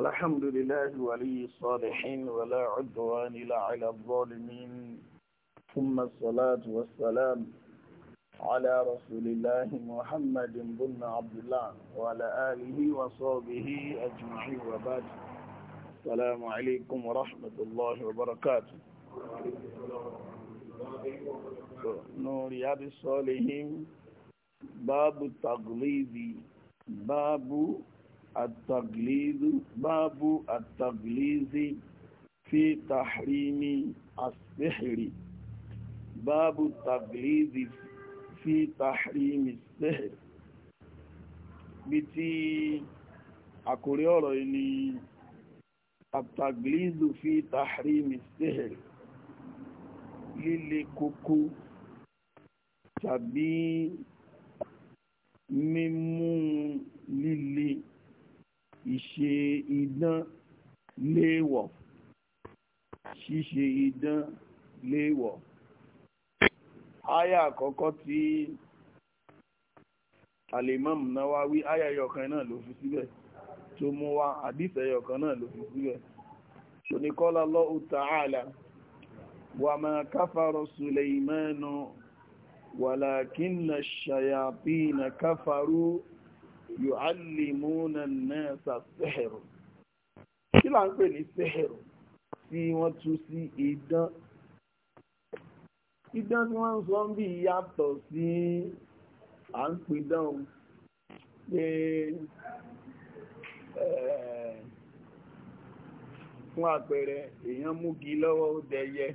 الحمد لله ولي الصالحين ولا عدوان إلا على الظالمين ثم الصلاة والسلام على رسول الله محمد بن عبد الله وعلى آله وصحبه أجمعين وبعد السلام عليكم ورحمة الله وبركاته نور رياض الصالحين باب التغليظ باب التغليظ باب التغليظ في تحريم السحر باب التغليظ في تحريم السحر بتي àkòrí ọ̀rọ̀ yìí ni في تحريم السحر للي كوكو تبي mímú للي ìṣe idán léèwọ̀ ṣíṣe idán léèwọ̀ aya àkọ́kọ́ tí alimam Nawawi aya ẹyọkan náà ló fi síbẹ̀ tó mú wá hadith ẹyọkan náà ló fi síbẹ̀ tó ní qala Allahu ta'ala wa ma kafara Sulaymanu walakinna ash-shayatina kafaru yu'allimuna an-nasa as-sihr kí là ń pè ní sihr tí wọ́n tú sí idán idán tí wọ́n ń sọ bí yàtọ̀ sí à ń pidán pé eh, fún àpẹẹrẹ èèyàn múgi lọ́wọ́ ó dẹyẹ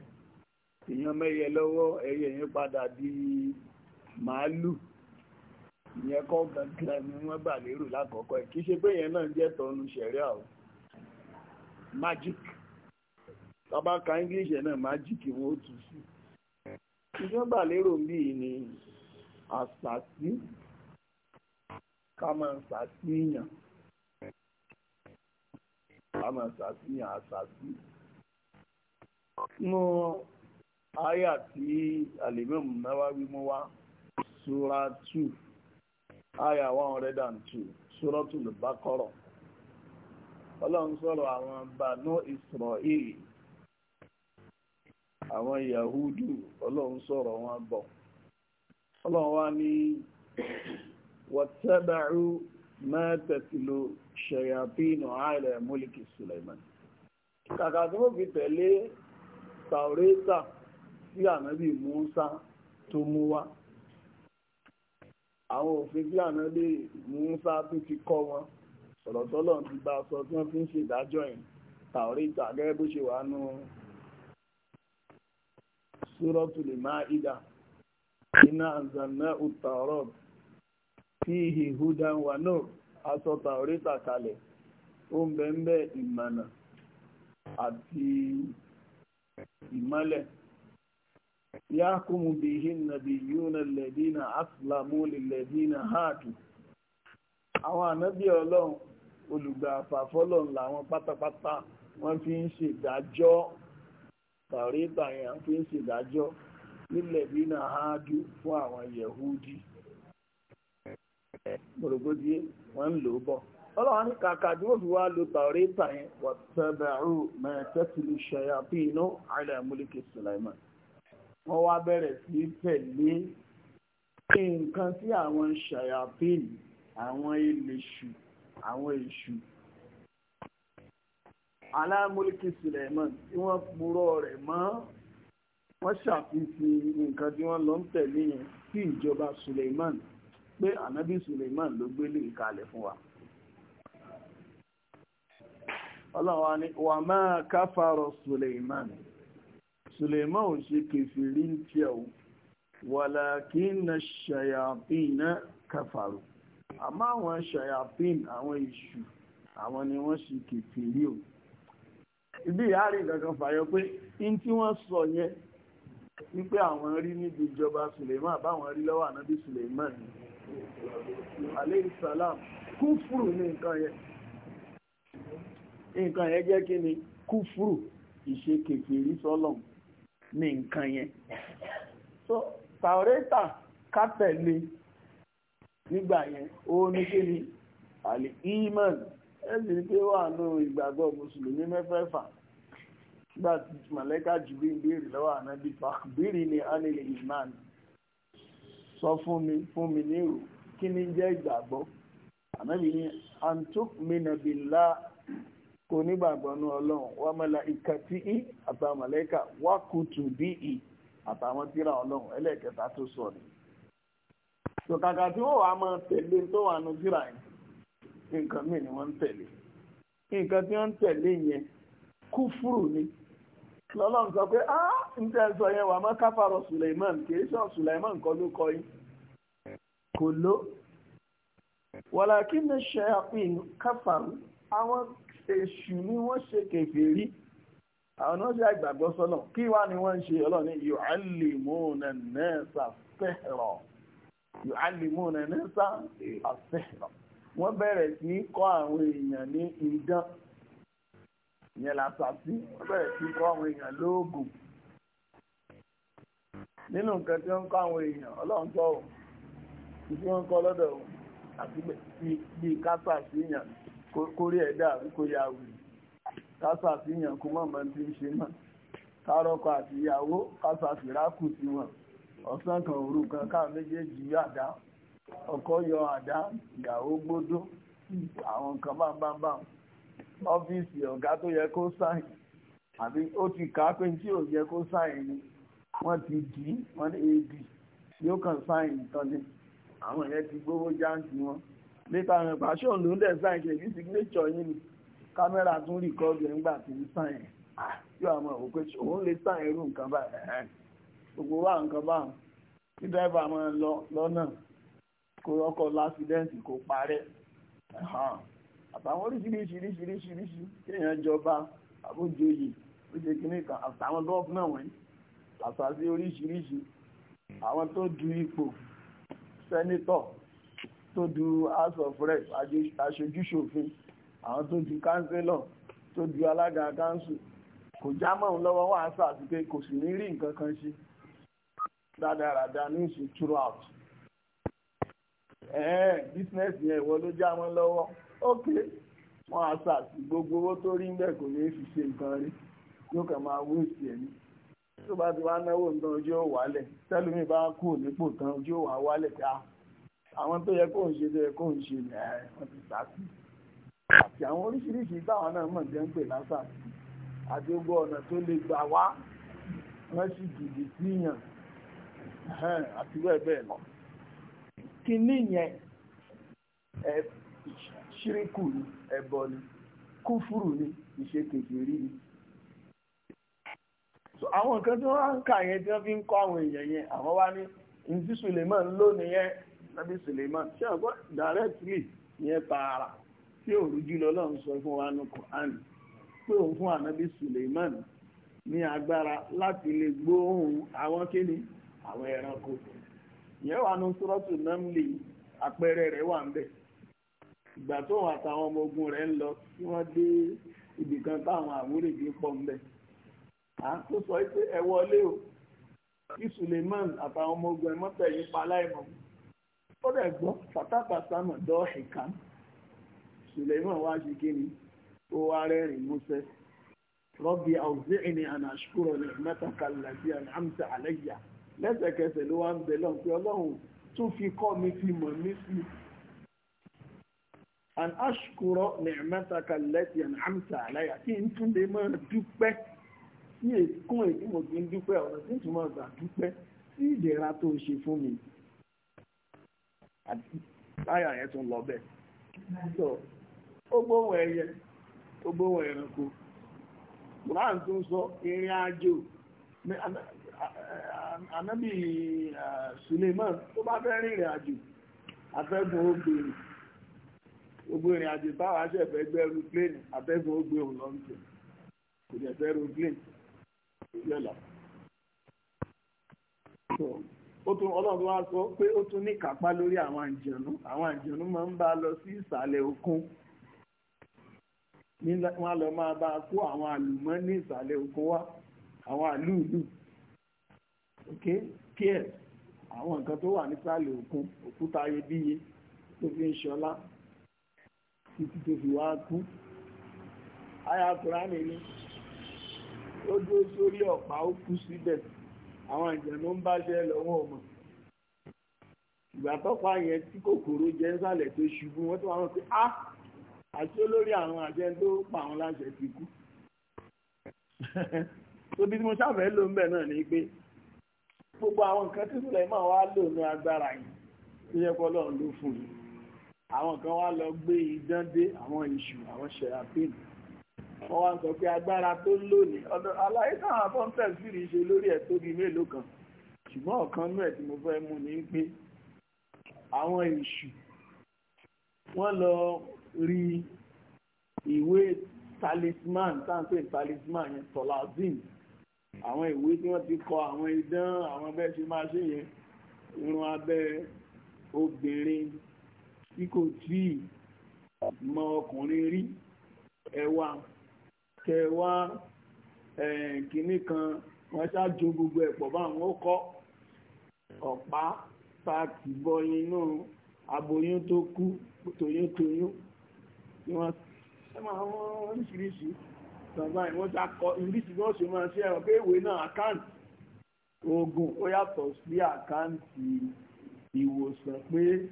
èèyàn mẹ́yẹ lọ́wọ́ ẹyẹ yẹn padà di màálù ìyẹn kọ́ gangan ni wọ́n gbà lérò lákọ̀ọ́kọ́ kì í ṣe pé ìyẹn náà jẹ́ tọ́nu ṣẹ̀ríà o magic tọ́ba ka english ẹ̀ náà magic wọn ó tù sí ìyẹn gbà lérò bí ni àṣàṣì ká máa ṣàṣìyàn ká máa ṣàṣìyàn àlèmọ́ mọ́wá wí mọ́wá sura two aya 102 suratul Baqara ọlọ́run sọ̀rọ̀ àwọn bànú Israel àwọn yahudu ọlọ́run sọ̀rọ̀ wọn bọ̀ ọlọ́run wá ní wàtẹ́bàrú mẹ́tẹ̀tìlú ṣẹ̀yàpínù àìlẹ̀ múlìkì Suleiman kàkà tí wọ́n fi tẹ̀lé tàórẹ́tà sí ànábì Musa tó mú wá àwọn òfin tí ànábì Mùsá tún ti kọ́ wọn ọ̀rọ̀ tọ́lọ̀ ti bá sọ tí wọ́n fi ń ṣèdájọ́ yìí tàórítà gẹ́gẹ́ bó ṣe wà nù iná àzànà òtàọ̀rọ̀ tí ìhùdà wà náà aṣọ tàórítà kalẹ̀ ó ń bẹ́ẹ̀ ìmọ̀nà àti يحكم به النبيون الذين أسلموا للذين هادوا àwọn ànábì ọlọ́run olùgbà àfàfọ́lọ́run làwọn pátápátá wọ́n fi ń ṣèdájọ́ tàríta yẹn fi ń ṣèdájọ́ nílẹ̀ bí náà háájú fún àwọn fi wá lo tàríta yẹn wọ́n wọ́n wá bẹ̀rẹ̀ sí tẹ̀lé nǹkan tí àwọn ṣàyàfín àwọn eléṣù àwọn èṣù alámúlìkì Suleiman tí wọ́n purọ́ rẹ̀ mọ́ wọ́n ṣàfihàn nǹkan tí wọ́n lọ ń tẹ̀lé yẹn sí ìjọba Suleiman pé ànábì Suleiman ló gbélé ìkalẹ̀ fún wa. ọlọ́wà ni wàmá káfàrọ̀ Suleiman. Suleiman ò ṣe kèfèrí ń tiẹ̀ o wàlàkínà ṣàyàpín kàfàrò àmọ́ àwọn ṣàyàpín àwọn èṣù àwọn ni wọ́n ṣe kèfèrí o ibi ìyáàrí kankan fàyọ pé in tí wọ́n sọ yẹn wípé àwọn rí níbi ìjọba Suleiman báwọn rí lọ́wọ́ ànábì Suleiman alayhi salam kúfùrù ní nǹkan yẹn nǹkan yẹn jẹ́ kí ni kúfùrù ìṣe kèfèrí sọ́lọ́mù ní nǹkan yẹn so tàórẹ́tà kátẹ̀lé nígbà yẹn ó ní kí ni àlè iman ẹ̀sì ní pé wà nù ìgbàgbọ́ mùsùlùmí mẹ́fẹ̀ẹ̀fà nígbà tí màlẹ́kà jùlọ ń lọ́wọ́ ànábì fàkùbírì ni a nílè iman sọ fún mi fún mi ní ìrò kí ni jẹ́ ìgbàgbọ́ ànábì ni antuk minabillah kò nígbàgbọ́ nú ọlọ́run wà mẹ́la ìkàtí ì àtàwọn màláíkà wà kùtù bí ì àtàwọn tíra ọlọ́run ẹlẹ́ẹ̀kẹta tó sọ ni. sọ̀kàkà tí wọ́n wà máa tẹ̀lé tó wà nú tíra yẹn nǹkan mìíràn ni wọ́n ń tẹ̀lé nǹkan tí wọ́n ń tẹ̀lé yẹn kúfúrù ni lọ́lọ́run sọ pé á ń tẹ́ sọ yẹn wà má káfàrọ̀ Suleiman kì í sọ Suleiman kọ́ ló kọ́ yín kò ló wàlàkí ní ṣe àpín káfàrú àwọn èṣù ni wọ́n ṣe kèfèrí àwọn náà ṣe àgbàgbọ́ sọ́nà kí wá ni wọ́n ń ṣe ọlọ́ni yu'allimuna an-nasa as-sihra yu'allimuna an-nasa as-sihra wọ́n bẹ̀rẹ̀ sí í kọ́ àwọn èèyàn ní idán ìyẹn làṣàṣì wọ́n bẹ̀rẹ̀ sí í kọ́ àwọn èèyàn lóògùn nínú nǹkan tí wọ́n ń kọ́ àwọn èèyàn ọlọ́run tọ́ ò tí wọ́n ń kọ́ lọ́dọ̀ àti bí kásà sí èèyàn kórí ẹ̀dá àbíkó ya wùí kásàfihàn kó mọ̀mọ́ tí ń ṣe mọ́ kárọ́kọ àti ìyàwó kásàfìrákù sí wọn ọ̀sán kan òru kan káà méjèèjì yọ àdá ọkọ yọ àdá ìyàwó gbódó àwọn kan bá bá bá ọ́fíìsì ọ̀gá tó yẹ kó sáyìn àbí ó ti kà á pé tí ò yẹ ni wọ́n ti dì í wọ́n ní ad yóò kàn sáyìn tán ni àwọn yẹn ti gbówó jáǹtì wọn. létà rẹ̀ pàṣẹ òun ló ń dẹ̀ sáyẹn kì í signature yín ni kámẹ́rà tún rìkọ́ọ̀dù ẹ̀ ńgbà tí ń sáyẹn ah, yóò àmọ́ òpè òun lè sáyẹn irú nǹkan báyìí gbogbo wa nǹkan báyìí kí dẹ́rẹ́bà máa lọ lọ́nà kó ọkọ̀ lásìdẹ́ǹtì kó parẹ́ àtàwọn oríṣiríṣiríṣiríṣiríṣi kéèyàn jọba àbójoyè ó ṣe kíní kan àtàwọn gọ́ọ̀fúnà wọ̀nyí àṣàṣe oríṣiríṣi àwọn tó du ipò sẹ́nítọ̀ tó du house of rep aṣojúṣòfin àwọn tó di kánsílọ̀ tó di alága kánsù kò já mọ́ òun lọ́wọ́ wà sọ àti pé kò sì ní rí nǹkan kan ṣe rádaràda ní ìṣù throughout ẹ̀ẹ́n business yẹn ìwọ ló já mọ́ lọ́wọ́ ok wọ́n á sọ àti gbogbo owó tó rí níbẹ̀ kò ní fi ṣe nǹkan rí yóò kàn máa wú ìsì ẹ̀mí tó bá ti wá náwó nǹkan ojú ò wálẹ̀ tẹ́lómi bá kú nípò tán ojú ò wá wálẹ̀ ká àwọn tó yẹ kó ń ṣe tó yẹ kó ń ṣe ní ẹ wọn ti sá sí àti àwọn oríṣiríṣi táwọn náà mọ̀ jẹ́ ń pè lásà àti gbogbo ọ̀nà tó lè gbà wá wọ́n sì dìde síyàn àti bẹ́ẹ̀ bẹ́ẹ̀ lọ. kínní yẹn ṣíríkù ni ẹ̀bọ ni kúfùrù ni ìṣe kékeré ni. àwọn nǹkan tí wọ́n ń kà yẹn tí wọ́n fi ń kọ́ àwọn èèyàn yẹn àwọn wá ní ní tí Suleiman ló nìyẹn nàbí Suleiman ṣe àgbọ́ directly yẹn tààrà tí òrùjú lọ́lọ́run sọ fún wa nù Quran pé òun fún ànábì Suleiman ní agbára láti lè gbóhùn àwọn kíni àwọn ẹranko ìyẹn wà nù sọ́rọ́tù námlì àpẹẹrẹ rẹ̀ wà ń bẹ̀ ìgbà tó wọn àtàwọn ọmọ ogun rẹ̀ ń lọ tí wọ́n dé ibì kan táwọn àwúrèbí pọ̀ ń bẹ̀ à ń tó sọ pé ẹ wọlé o kí Suleiman àtàwọn ọmọ ogun ẹ mọ́tẹ̀yìn pa láìmọ̀ ó dẹ̀ gbọ́ fatata samuel dọ́ọ̀hì kan suleiman wá sí kí ni ó wá rẹ́rìn músẹ́ rọ́bì àwùzíìní àná àṣùkúrò ní mẹ́tàkà làbí àná àmì àlẹ́yà lẹ́sẹ̀kẹsẹ̀ ló wá ń bẹ̀ lọ́n pé ọlọ́run tún fi kọ́ mi fi mọ̀ mí sí an ashkuro ní mẹ́tàkà lẹ́tì àná àmì àlẹ́yà kí n tún lè máa dúpẹ́ sí èkún èdè mo fi ń dúpẹ́ ọ̀rọ̀ sí ìtumọ̀ ọ̀gbà dúpẹ́ sí ìdẹ̀ra tó ṣe fún mi láyà yẹn tún lọ bẹ́ẹ̀ so ó gbóhùn ẹyẹ ó gbóhùn ẹranko Quran tún sọ ìrìn àjò anábì Suleiman tó bá fẹ́ rìnrìn àjò afẹ́gun ó gbèrè ìrìn àjò táwọn aṣẹ̀fẹ́ gbẹ́rù plane afẹ́gun ó gbé òun lọ́nà kò dẹ̀ fẹ́ ro plane ó tún ọlọ́run a sọ pé ó tún ní kápá lórí àwọn àjẹ̀nú àwọn àjẹ̀nú máa ń bá lọ sí ìsàlẹ̀ òkun wọ́n lọ máa bá kó àwọn àlùmọ́ ní ìsàlẹ̀ òkun wá àwọn àlúùlù ok pierre àwọn nǹkan tó wà òkun òkúta ayébíye tó fi ń ṣọlá títí tó fi wá kú ó dúró sórí ọ̀pá àwọn ìjẹ̀nú ń bá ṣe lọ́wọ́ ọmọ ìgbà tọ́pá yẹn tí kòkòrò jẹ́ nsàlẹ̀ tó ṣubú wọ́n tó wọ́n pé á àti olórí àwọn àjẹ́ tó pa àwọn láṣẹ ti kú tóbi tí mo ṣàfẹ́ ló ń bẹ̀ náà ni pé gbogbo àwọn nǹkan tí sùlẹ̀ máa wá lò ní agbára yìí tó yẹ kọ́ lọ́run ló fún yìí àwọn kan wá lọ gbé idán dé àwọn ìṣù àwọn ṣẹ̀yàpínì wọ́n wá ń sọ pé agbára tó lónìí ọ̀dọ̀ aláyé táwọn afọ́ńtẹ̀ sírì ṣe lórí ẹ̀ tóbi mélòó kan ṣùgbọ́n ọ̀kan nú ẹ̀ tí mo fẹ́ mú ni pé àwọn èṣù wọ́n lọ rí ìwé talisman táǹpé talisman yẹn tọ́lázìn àwọn ìwé tí wọ́n ti kọ àwọn idán àwọn bẹ́ẹ̀ ṣe máa ṣe yẹn irun abẹ́ obìnrin tí kò tíì mọ ọkùnrin rí ẹwà kẹwa kìíní kan wọn ṣáájú gbogbo ẹ̀pọ̀ bá wọn kọ́ ọ̀pá táàkì bọ́ inú aboyún tó kú toyún tí wọ́n ṣe máa wọ́n oríṣiríṣi bàbá ìwọ́n ta kọ ìrísí bí wọ́n ṣe máa ṣe ẹ̀rọ pé ìwé náà àkáǹtì ó yàtọ̀ sí àkáǹtì ìwòsàn pé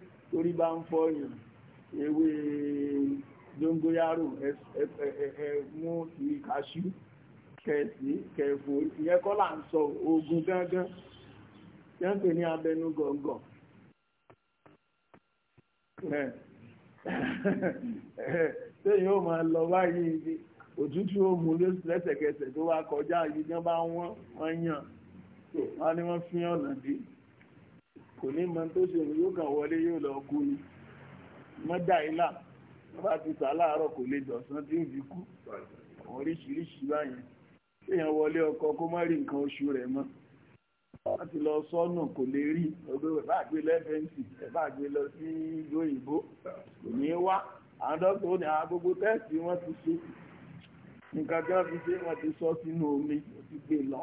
dóngóyárò ẹ̀mú ìrì kàṣú kẹsì kẹfò ìyẹn kọ́ là ń sọ oògùn gángan tí wọ́n pè ní abẹnú gọ̀ǹgọ̀ tẹ́yìn ó máa lọ báyìí òtútù ó mú lẹ́sẹ̀kẹsẹ̀ tó wá kọjá yìí gan bá wọ́n wọ́n yàn wọ́n ní wọ́n fi ọ̀nà dé kò ní mọ tó ṣe yóò kàn wọlé yóò lọ kú ni mọ́dà ìlà bá ti sà láàárọ̀ kò lè dọ̀sán tí ń fi kú àwọn oríṣiríṣi báyẹn èèyàn wọlé ọkọ kó má rí nǹkan oṣù rẹ̀ mọ́ láti lọ sọ́nù kò lè rí ọgbẹ́ bá gbé lẹ́fẹ̀ǹsì bá gbé lọ sí ìlú òyìnbó kò ní wá àwọn dókítà ó ní àwọn ah, gbogbo tẹ́ẹ̀sì wọ́n ti ṣe nǹkan tí wọ́n fi ṣe wọ́n ti sọ sínú omi ó ti gbé lọ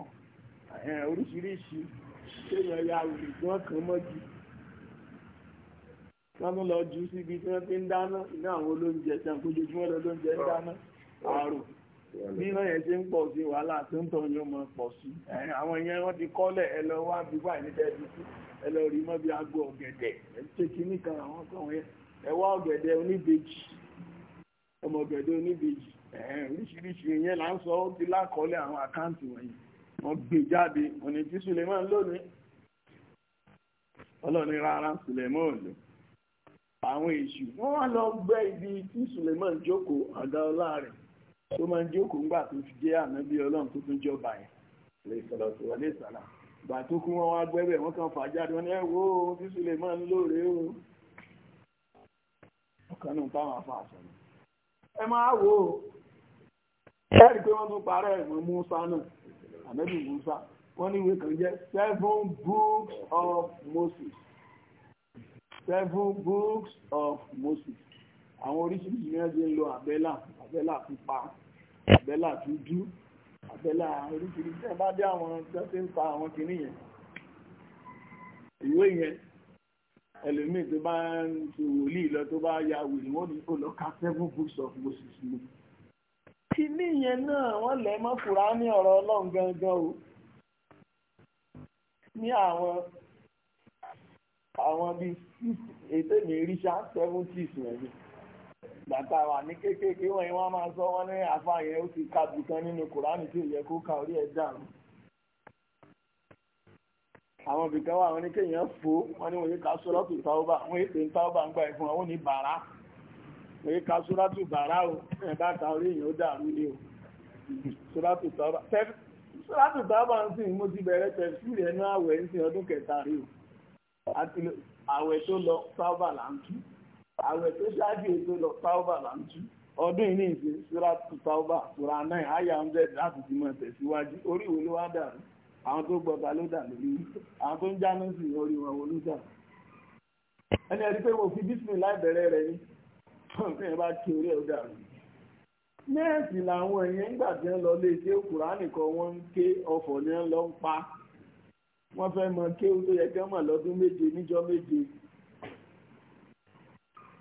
oríṣiríṣi èèyàn ya ìgbọ́n kan mọ́jú wọ́n tún lọ jù síbi tí wọ́n ti ń dáná iná àwọn olóúnjẹ tí wọ́n kojú tí wọ́n lọ lóúnjẹ ń dáná àrò bí iná yẹn ṣe ń pọ̀ sí wàhálà tó ń tàn yóò mọ̀ pọ̀ sí àwọn ìyẹn wọ́n ti kọ́lẹ̀ ẹ lọ wá bí báyìí níta ẹbí sí ẹ lọ rí mọ́ bí aago ọ̀gẹ̀dẹ̀ ẹ ṣe kinní kan àwọn kan yẹn ẹ wá ọ̀gẹ̀dẹ̀ oníbejì ọmọ ọ̀gẹ̀dẹ̀ oníbejì oríṣiríṣi ìyẹn là ń sọ ó ti lákọ́lẹ̀ àwọn àkáǹtì wọ̀nyí wọ́n gbé e jáde ọ̀nà tí lónìí ọlọ́ni rárá Suleiman lónìí àwọn èṣù wọ́n wá lọ gbẹ́ ibi tí Suleiman jókòó àga ọlá rẹ̀ tó máa ń jókòó ńgbà tó fi jẹ́ ànábí ọlọ́run tó tún jọba yẹn lè ìgbà tó kú wọn wá gbẹ́bẹ̀ wọ́n kàn fà jáde wọn ní ẹ ohun tí Suleiman lóore o ọkàn náà táwọn afa àṣọyìn ẹ máa wo ẹ rí i pé wọ́n tún parẹ́ ìwọ̀n Musa náà ànábì Musa wọ́n ní ìwé kan jẹ́ seven books of Moses seven books of Moses àwọn oríṣiríṣi ní ẹgbẹ́ ń lo àbẹ́là àbẹ́là pupa àbẹ́là dúdú àbẹ́là oríṣiríṣi ẹ̀ bá dé àwọn tó ti ń pa àwọn kìíní yẹn ìwé yẹn ẹlòmíì tó bá ń ti wòlíì lọ tó bá ya wèrè wọn ni lọ ka seven books of Moses ni kìíní yẹn náà wọ́n lẹ̀ mọ́ Kùránì ọ̀rọ̀ Ọlọ́run gangan o ní àwọn àwọn bíi ètò mi rí ṣá seventies wọ̀nyí gbàtà wà ní kéékèèké wọ́n yẹn wọ́n máa sọ wọ́n ní afa yẹn ó ti ka bùkan nínú kùránì tí ò yẹ kó ka orí ẹ̀ dànù àwọn bìkan wà wọn ní kéèyàn fò wọ́n ní wọ́n yé ka sọ́rọ́tù táwọ́bà wọ́n yé pé táwọ́bà ń gbà ẹ̀fún wọn ó ní bàrá wọ́n yé ka sọ́rọ́tù bàrá o ẹ̀ bá ta orí èèyàn ó dàrú ni o sọ́rọ́tù táwọ́bà sọ́rọ́tù táwọ́bà ń sìn mo ti bẹ̀rẹ̀ tẹ̀síìrì ẹnu àwẹ̀ ń sìn ọdún kẹta rí o àwẹ̀ tó lọ táwọ́bà là ń tú àwẹ̀ tó ṣáájú ètò lọ táwọ́bà là ń tú ọdún yìí ní ìṣe sura táwọ́bà sura náà àyà hundred láti ti mọ tẹ̀síwájú orí wo ló wá dàrú àwọn tó gbọ́ta ló dà lórí àwọn tó ń jáná sí orí wọn wo ló dà ẹni ẹni pé mo fi bísí láì bẹ̀rẹ̀ rẹ ní ọ̀sẹ̀ bá kí orí ẹ̀ dàrú nẹ́ẹ̀sì làwọn èèyàn e ń gbà wọ́n fẹ́ mọ kéwú tó yẹ kí wọ́n mọ̀ lọ́dún méje níjọ́ méje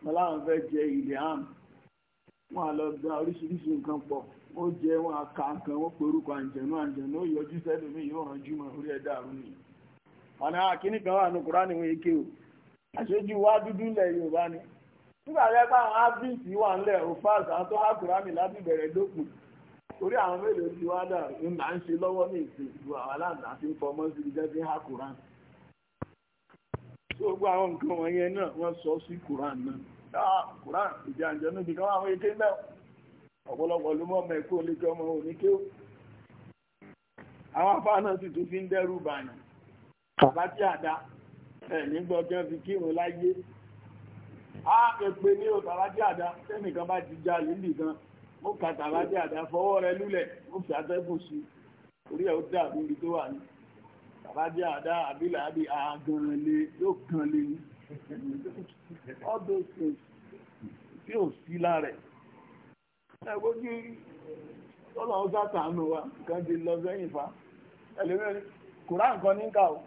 wọn láwọn fẹ́ jẹ ilẹ̀ àmì Wọ́n á lọ gba oríṣiríṣi nǹkan pọ̀ ó jẹ́ wọn á nǹkan wọn pe orúkọ àǹjẹ̀nú àǹjẹ̀nú yọjú sẹ́lómi yóò orí ẹ̀dá nìyí. àkíní kan wà ní o àṣejù wá dúdú Yorùbá ni nígbà yẹn báwọn wà orí àwọn mélòó ti wá dà ń là ń ṣe lọ́wọ́ ní ìsìn àwọn aláǹdà tí fọmọ́ sí ibi jẹ́sí ha Quran tó gbọ́ àwọn nǹkan wọ̀nyẹn náà wọ́n sọ sí na náà dáa Quran àjọ ìjọ níbi kan àwọn èké náà ọ̀pọ̀lọpọ̀ ló mọ̀ ọmọ ẹ̀kọ́ oníkẹ́ ọmọ àwọn afá náà sì tún fi ń dẹ́rù bàyàn bàbá tí fi kírun láyé á ní ò mo kàtà lájẹ àdá fọwọ́ rẹ lulẹ̀ mo fi sí orí ẹ̀ ó tó wà ní àdá yóò kàn ní all those things tí ò sí lára gbójú wa kan ti lọ sẹ́yìn fa ẹlẹ́mẹ́rin kùrán kan ní ká o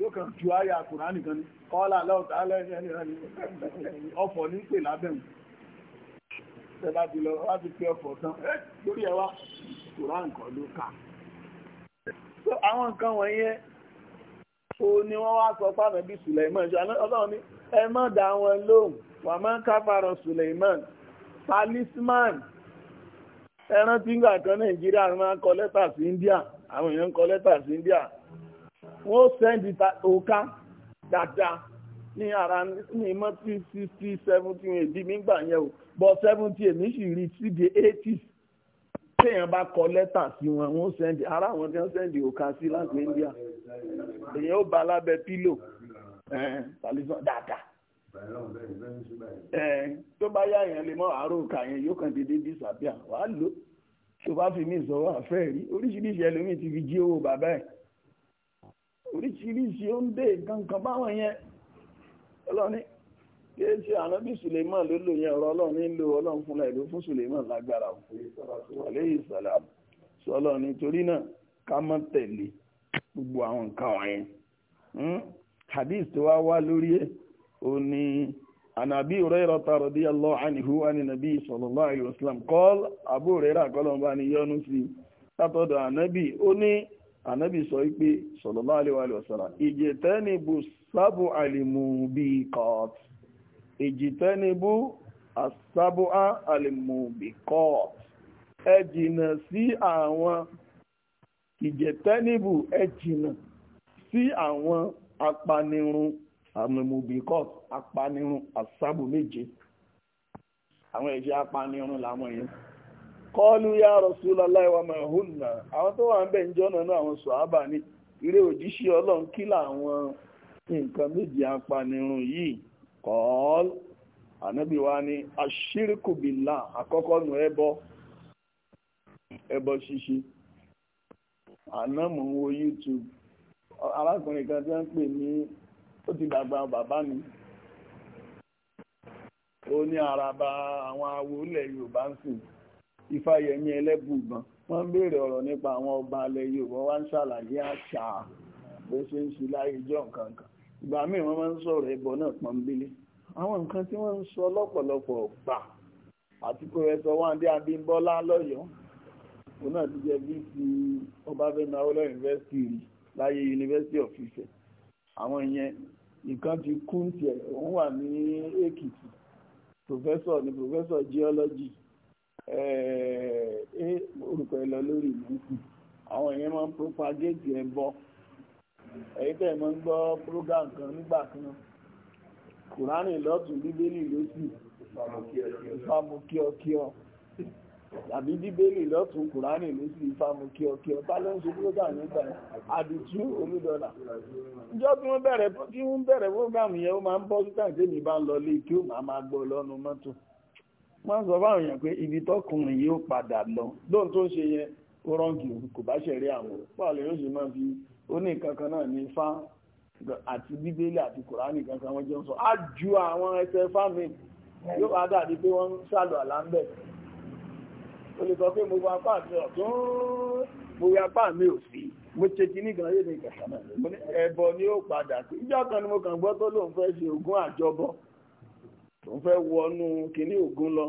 yóò kàn ju àyà kùrán nìkan ní kọ́lá lọ́ọ̀tà ọ̀fọ̀ ní pè lábẹ́ mi. tẹ́lá ti lọ wá fi ọ̀fọ̀ tán lórí ẹwà kùrá nǹkan ló kà. so àwọn nǹkan wọ̀nyẹn o ni wọ́n wá sọ pàmò bí Suleiman ṣe ọlọ́run ní ẹ má dá wọn lóhùn wà má káfàrọ̀ Suleiman talisman ẹran tí ń gbà kan Nàìjíríà máa ń kọ lẹ́tà sí India àwọn èèyàn ń kọ lẹ́tà sí India wọ́n sẹ́ndì òka dáadáa ní ara ní mọ́tí sixty seventy eighty nígbà yẹn o But seventy èmi sì rí sí di eighty téèyàn bá kọ lẹ́tà sí wọn wọn sẹ́ndì ara àwọn tí wọ́n sẹ́ndì òkà sí láti India èyàn ó ba lábẹ́ pílò talisman dáadáa tó bá yá èèyàn lè mọ àárò òkà yẹn yóò kàn dédé disappear wàá lò tó bá fi mí ìsọwọ́ àfẹ́ rí oríṣiríṣi ẹlòmíì ti fi jí owó bàbá ẹ̀ oríṣiríṣi ó ń dé nǹkan kan báwọn yẹn ọlọ́ni kìí ṣe ànábì suleiman ló lò yẹn ọ̀rọ̀ ọlọ́run nílò ọlọ́run fúnra ìlú fún suleiman lágbára alayhi salam sọlọ nítorí náà ká má gbogbo àwọn nǹkan wọ̀nyẹn hmm? hadith tó wá wá lórí ẹ̀ ò ní ànàbí Hurayrata radiyallahu anhu nàbí sí látọ̀dọ̀ ó ní sọ pé wa bù sábò kọ́ọ̀tù ìjìtẹ́nibú àsábúá àlèmùbìkọ́ ẹ jìnà sí àwọn ìjìtẹ́nibú ẹ jìnà sí àwọn apanirun àlèmùbìkọ́ apanirun àsábù méje àwọn ẹ̀ṣẹ̀ apanirun làwọn yẹn kọlu ya Rasulullahi wa ma hunna àwọn tó wà ń bẹ̀ ń jọ́nà náà àwọn sọ̀hábà ní ilé òjíṣẹ́ ọlọ́run kí làwọn nǹkan méje apanirun yìí kọ́ọ́l ànábì wa ni aṣírìkùbìlà àkọ́kọ́ nù ẹbọ ẹbọ ṣíṣe àná mò ń wo kan tí wọ́n ń pè ní ó ti dàgbà bàbá mi ó ní araba awọn awo ilẹ̀ Yorùbá ń sìn Ifáyẹmí ẹlẹ́bùgbọ́n wọ́n ń béèrè ọ̀rọ̀ nípa àwọn ọba ilẹ̀ yoruba wá ń ṣàlàyé àṣà bó ṣe ń ṣe láyé jọ nǹkan ìgbà míì wọ́n máa ń sọ̀rọ̀ ẹbọ náà pọ́nbélé àwọn nǹkan tí wọ́n ń sọ lọ́pọ̀lọpọ̀ gbà àti pẹ̀rẹ̀sọ Wándé Abímbọ́lá lọ́yọ̀ọ́ òun náà ti jẹ́ bí ti Ọbáfẹ́mi Awólọ́wọ̀ yunifásitì rí láyé of àwọn ìyẹn nǹkan ti kún tiẹ̀ òun wà ní Èkìtì professor ni professor geology ẹ̀ẹ́ lọ lórí àwọn ìyẹn máa ń propagate ẹ̀yin tẹ́ mọ́ ń gbọ́ program kan nígbà kan kùránì lọ́tún bíbélì lósì ìfàmù kíọkíọ tàbí bíbélì lọ́tún kùránì lósì ìfàmù kíọkíọ tá ló ń ṣe program nígbà àdìtú olúdọ́là ìjọ́ tí wọ́n bẹ̀rẹ̀ tí wọ́n bẹ̀rẹ̀ program yẹn ó máa ń bọ́ síta ìdẹ́mi bá ń lọ lé kí ó máa máa gbọ́ lọ́nu mọ́tò wọ́n sọ fáwọn èèyàn pé ibi tọkùnrin yóò padà lọ lóhun tó ń ṣe yẹn ó rọ́ǹkì kò bá ṣẹ̀rí àwọn pààlẹ́ yóò ṣe máa fi ó ní kankan náà ní ifá àti bíbélì àti kùránì kankan wọ́n jọ ń sọ á ju àwọn ẹsẹ̀ fámi yóò wá dàbí pé wọ́n ń sàlù àlá lè sọ pé mo wá pàà mi ọ̀tún mo ya pàà mi ò sí mo ṣe kí nìkan yé ní kankan náà ẹbọ ni ó padà sí ìjọ kan ni mo kàn gbọ́ tó lóun fẹ́ ṣe ògùn àjọbọ tó ń fẹ́ wọnú kìíní ògún lọ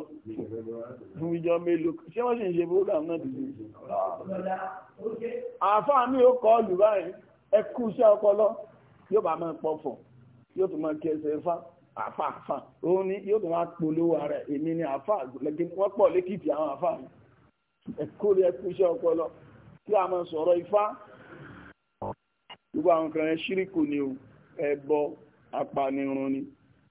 fún ìjọ mélòó ṣé wọ́n sì ń ṣe program náà dìde àáfàá mi ò kọ́ lù báyìí ẹ kú iṣẹ́ ọpọlọ yóò bá máa pọ̀fọ̀ yóò tún máa kí ẹsẹ̀ fá àáfàá fà òun ni yóò tún máa polówó rẹ̀ èmi ni àáfàá wọ́n pọ̀ lẹ́kìtì àwọn àáfàá mi ẹ kú rí ẹ kú iṣẹ́ ọpọlọ kí a máa sọ̀rọ̀ ifá gbogbo àwọn kan ẹ ṣírí kò ní o apanirun ni.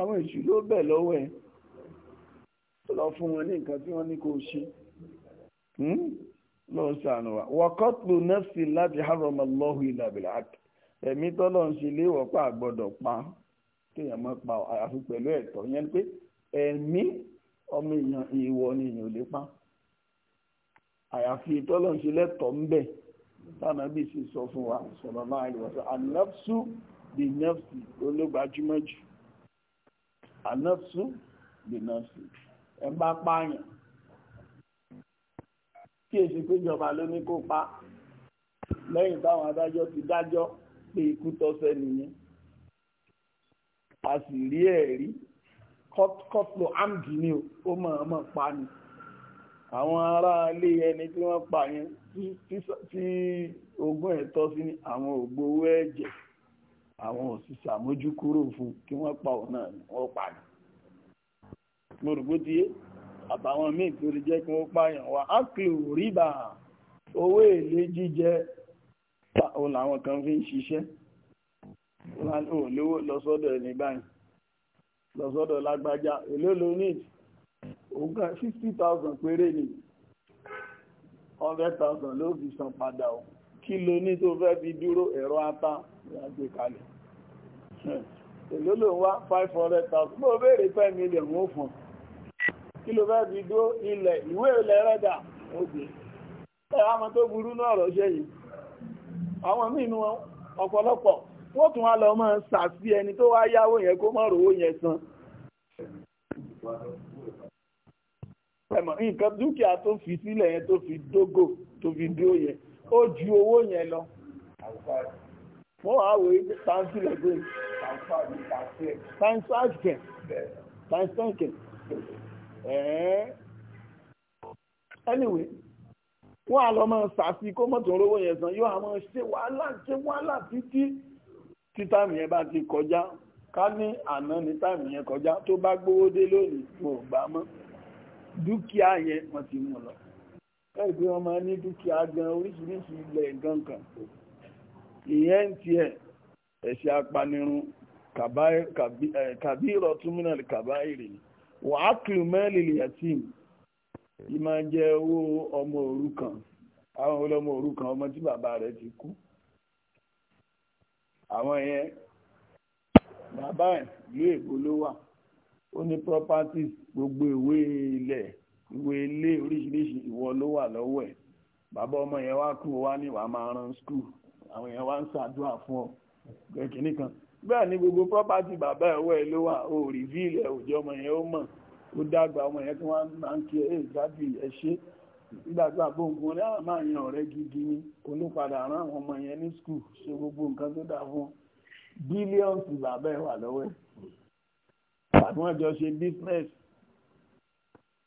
àwọn èṣù ló bẹ̀ lọ́wọ́ ẹ̀ lọ fún wọn ní nǹkan tí wọ́n ní kó ṣe hmm? lọ sànù wa wọ́kọ́tù nẹ́fsì láti harọ́mọ lọ́hùn ìlàbìlà ẹ̀mí tọ́lọ́ ń ṣe léwọ́ pa àgbọ́dọ̀ pa kéèyàn máa pa àfi pẹ̀lú ẹ̀tọ́ yẹn pé ẹ̀mí ọmọ èèyàn ìwọ ni èèyàn ò lè pa àyàfi tọ́lọ́ ń ṣe lẹ́tọ̀ọ́ ń bẹ̀ táwọn ẹbí sì sọ fún wa sọ̀rọ̀ máa ń lọ sọ ànáfsù bí nẹ́fsì olóògbájúmọ́jù ànáfsù bìnáfsù ẹ bá pààyàn kí èsì péjọba ló ní kó pa lẹ́yìn táwọn adájọ́ ti dájọ́ pé ikú tọ́sẹ̀ nìyẹn a sì rí ẹ̀rí kọ́pùlù ámdì ni ó mọ̀ọ́mọ̀ pa ni àwọn ará ilé ẹni tí wọ́n pa yẹn tí ogún ẹ̀tọ́ sí àwọn ògbówó ẹ̀jẹ̀ àwọn òṣìṣẹ́ àmójúkúrò fún kí wọ́n pa òun náà wọ́n pa ní mo rò bó ti yé àtàwọn míì tó lè jẹ́ kí wọ́n pààyàn wá ákìlù rìbá owó èlé jíjẹ òun làwọn kan fi ń ṣiṣẹ́ ò lówó lọ sọ́dọ̀ ẹni báyìí lọ lágbájá èlé ló ní òun kan sixty thousand péré ni hundred thousand ló fi san padà o kí ló ní tó fẹ́ fi dúró ẹ̀rọ ata wọ́n gbé kalẹ̀ èló ló wá five hundred thousand mo béèrè five million wọ́n fún kí ló fẹ́ fi dó ilẹ̀ ìwé ilẹ̀ rẹ́dà ó gbé ẹ̀ àwọn tó burú náà rọ̀ ṣe yìí àwọn míì nu ọ̀pọ̀lọpọ̀ wọ́n tún wá lọ máa ń sàfí ẹni tó wá yáwó yẹn kó má rówó yẹn san ẹ̀mọ̀ nǹkan dúkìá tó fi sílẹ̀ yẹn tó fi dógò tó fi dó yẹn ó ju owó yẹn lọ wọ́n wá wò ó pàǹtí lẹ́gbẹ́ times five ten times ten ten anyway wọ́n á lọ máa sàfi kó mọ́tò rówó yẹn san yóò àwọn ṣe wàhálà ṣe wàhálà títí tí táàmì bá ti kọjá ká ní àná ní táàmì yẹn kọjá tó bá gbówó dé lónìí wọn ò gbà mọ́ dúkìá yẹn wọ́n ti mú lọ. ẹ̀ pé wọ́n máa ní dúkìá gan oríṣiríṣi ilẹ̀ gan kan ìyẹn ń tiẹ̀ ẹ̀ṣẹ̀ apanirun kàbí ìrọ̀túnmínà kàbáìrì wàá kìlú mẹ́lìlì yatim yìí máa jẹ owó ọmọ òrukàn àwọn ọlọ́mọ òrukàn ọmọ tí bàbá rẹ̀ ti kú àwọn yẹn bàbá ẹ̀ ìlú èkó ló wà ó ní properties gbogbo ìwé ilẹ̀ ìwé ilé oríṣiríṣi ìwọ ló wà lọ́wọ́ ẹ̀ bàbá ọmọ yẹn wá kú wá ní wàá máa ran school àwọn èèyàn wá ń ṣàdúrà fún ọ gẹ̀kìnní kan bẹ́ẹ̀ ni gbogbo property bàbá ẹ̀wọ́ ẹ̀ ló wà ó reveal ẹ̀ òjò ọmọ yẹn ó mọ̀ ó dàgbà ọmọ yẹn tí wọ́n máa ń kí ẹ̀ dábì ẹ̀ ṣe ìgbàgbà gbòǹgbò ní àmà ah, yẹn ọ̀rẹ́ gidi ni olùpadà rán àwọn ọmọ yẹn ní skul ṣe gbogbo nǹkan tó dáa fún billions bàbá ẹ̀ wà lọ́wọ́ ẹ̀ àti wọ́n jọ ṣe business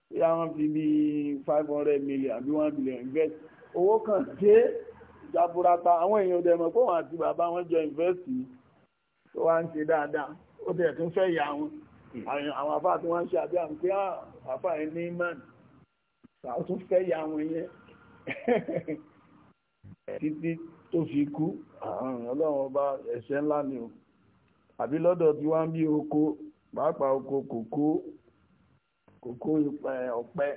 bí àwọn fi bí five hundred million àbí one billion invest owó kan dé jaburata àwọn èèyàn ò dẹ̀mọ̀ fóun àti bàbá wọn jọ ìfẹ́sì tó wá ń ṣe dáadáa ó tẹ̀ tún fẹ́ ìyá wọn àwọn àfáà tí wọ́n ń ṣe àbí àwọn pé ah, àfáà ẹ̀ ní imán ó tún fẹ́ ìyá wọn yẹn títí tó fi kú ọlọ́run ọba ẹ̀ṣẹ̀ ńlá ni o àbí lọ́dọ̀ tí wọ́n ń bí oko pàápàá oko kòkó kòkó ọ̀pẹ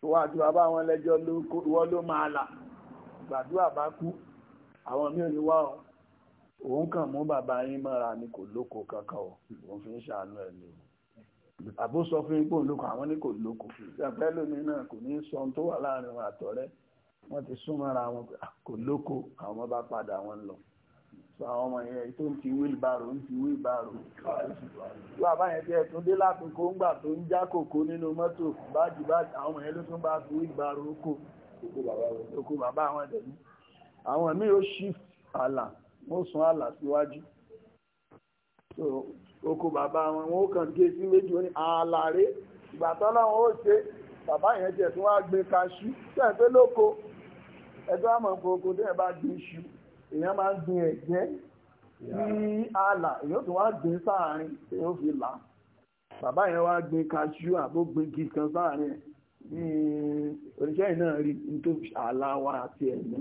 tó wá ju bàbá wọn lẹ́jọ́ lóko ìwọ ló máa là gbàdúrà bá kú àwọn mi ò ní wá ọ òun kàn mú bàbá yín mọ́ra ni kò lóko kankan o òun fi ń ṣàánú ẹ̀ ni àbó sọ fún ipò lóko àwọn ní kò lóko ìgbàgbẹ́ lónìí náà kò ní sọ ohun tó wà láàrin wọn àtọ̀rẹ́ wọ́n ti sún mọ́ra wọn kò lóko àwọn bá padà wọn lọ sọ àwọn ọmọ yẹn tó ń ti wheelbarrow ń ti wheelbarrow bàbá yẹn tí ẹ tún dé lákòókò ńgbà tó ń já kòkó nínú mọ́tò báàgì báàgì àwọn ọmọ yẹn ló tún bá fi wheelbarrow kò òkú bàbá àwọn ẹ̀dẹ̀ àwọn míì ó shift àlà wọ́n sún àlà síwájú so òkú bàbá àwọn wọn ó kàn gé sí méjì ó ní àlà rè ìgbà tán láwọn ó ṣe bàbá yẹn jẹ tí wọ́n á gbé kaṣú sẹ́yìn pé lóko ẹjọ́ àmọ̀ kòkó tẹ́yìn bá gbé iṣu èèyàn máa ń gbin ẹ̀gẹ́ ní àlà èèyàn tó wá gbin sáàárín èèyàn fi là bàbá yẹn wá gbin kaṣú àbó gbin gí kan sáàárín ẹ̀ ní hmm, oníṣẹ́ iná rí tó aláwà àti ẹ̀mí